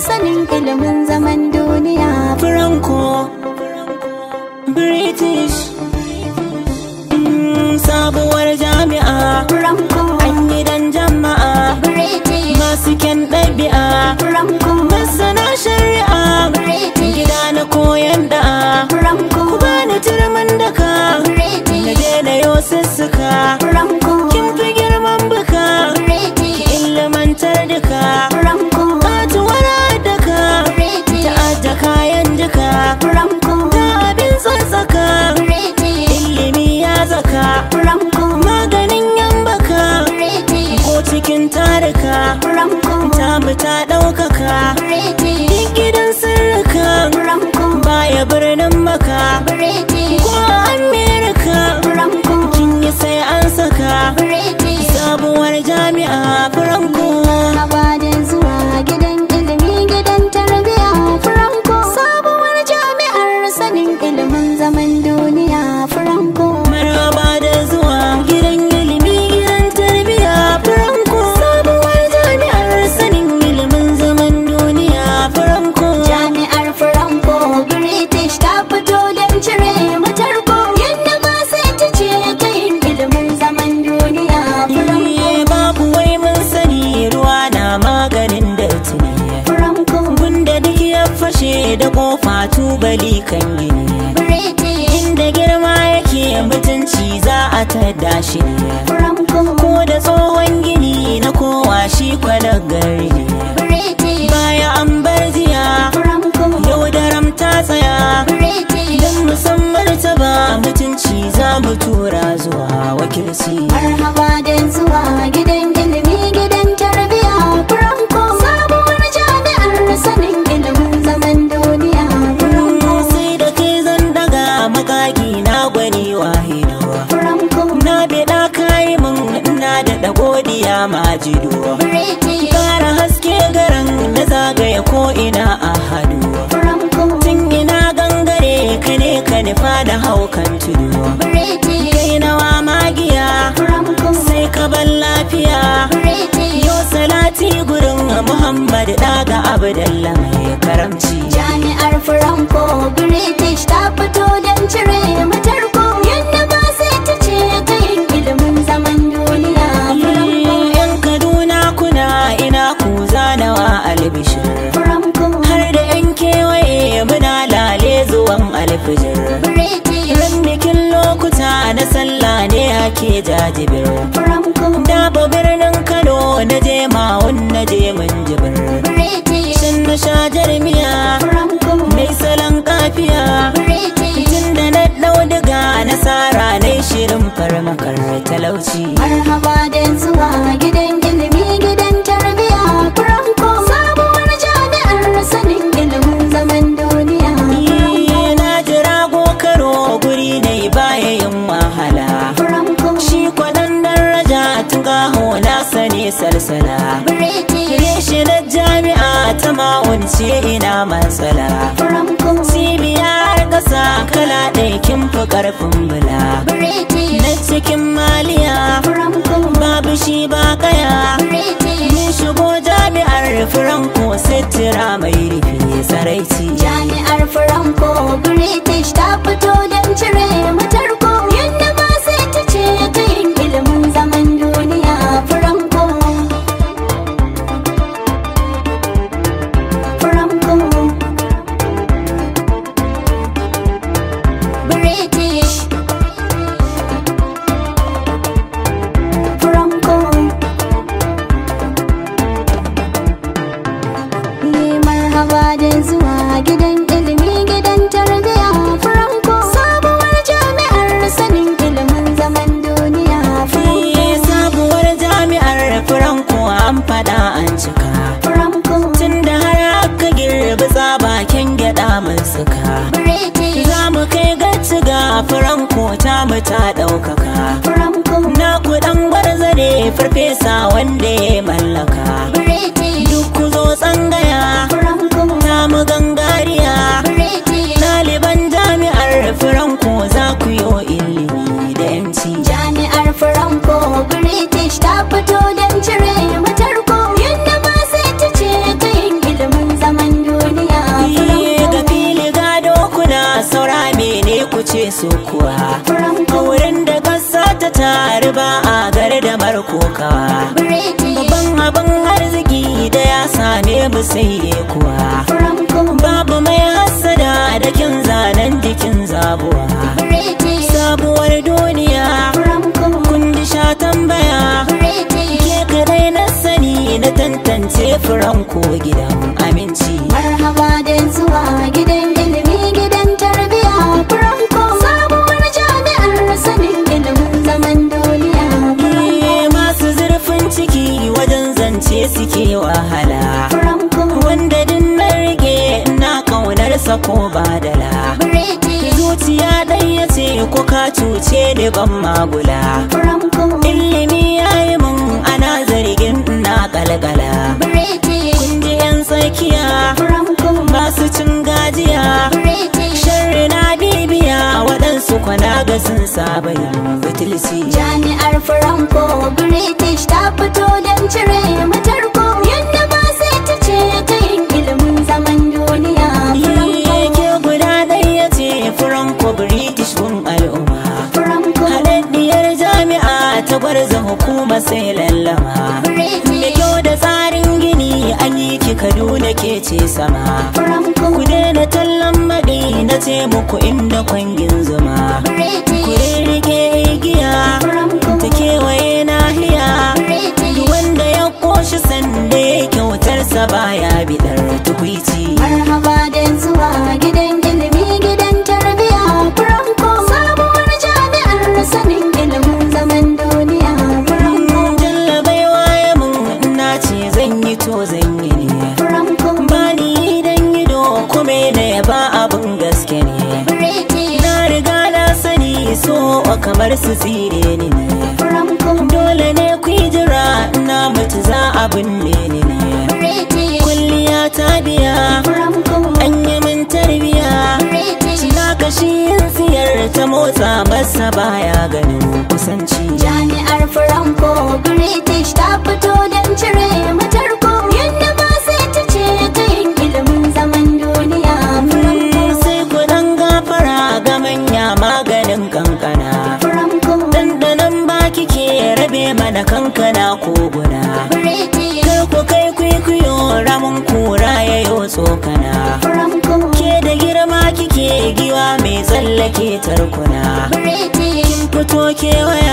sanin ilimin zaman duniya Franco British mm, Sabuwar jami'a Franco An gidan jama'a British Masu ken ɗabi'a Franco Masana shari'a British Gida na koyan da'a Franco Ku bani turmin daka British Na na yau sussuka baya birnin maka ko amerika kin yi sai an saka sabuwar jami'a franco abadin zuwa gidan ilimi gidan tarbiya Franko. sabuwar jami'ar sanin ilimin mutunci za a tada shi ko da tsohon gini na kowa shi kwada gari baya an bar jiya yau da ta tsaya don musamman ta ba mutunci za mu tura zuwa wakilci don zuwa gini majidu kara haske garan na zagaya ko ina a hadu tun ina gangare ka ne ka nufa da haukan tudu kai nawa magiya sai ka ban lafiya yo salati gurin muhammad daga abdalla mai karamci jami'ar franco british ta fito don cire ke jajibir da ba birnin kano na je mawun na je mun jibir shin na sha jarmiya mai salon kafiya tun da na dauduga nasara na shirin farmakar talauci marhaba da zuwa kasance ina matsala cibiyar ƙasa kala ɗaya kin fi ƙarfin bula na cikin maliya babu shi ba kaya mun shigo jami'ar sai sitira mai rufe saraici fada an cika Tunda har aka girbi tsabakin gyaɗa mun suka za mu kai ga furan kota mu ta ɗaukaka na kuɗan gwarzare farfesa wanda ya mallaka ta a gare da markokawa babban abin arziki da ya same mu sai kuwa babu mai hassada da kin zanen jikin zabuwa sabuwar duniya kundi sha tambaya ke kadai na sani na tantance furanko gidan aminci marhaba da zuwa gidan suke wahala wanda din na rage na ƙaunarsa ko badala zuciya ɗaya ce ko ka cuce da ban magula ilimi ya yi min ana zargin na ƙalƙala kungiyan tsakiya su cin gajiya sharri na bibiya waɗansu kwana ga sun saba yin jami'ar franco british ta fito don cire sai lallama da kyau da tsarin gini an yi ki kaduna ke ce sama ku daina tallan maɗi na ce muku inda kwangin zuma ku rike igiya ta kewaye nahiya wanda ya koshi sanda ya kyautarsa baya bidar tukwici ba abun gaske ne na riga na sani so kamar su tsire ni ne dole ne ku jira na mutu za a binne ni ne kulliya ta biya an yi min tarbiya na kashi yin siyar ta motsa masa baya ganin kusanci jami'ar franco british ta fito da tsallake tarkuna. Kin fito kewaya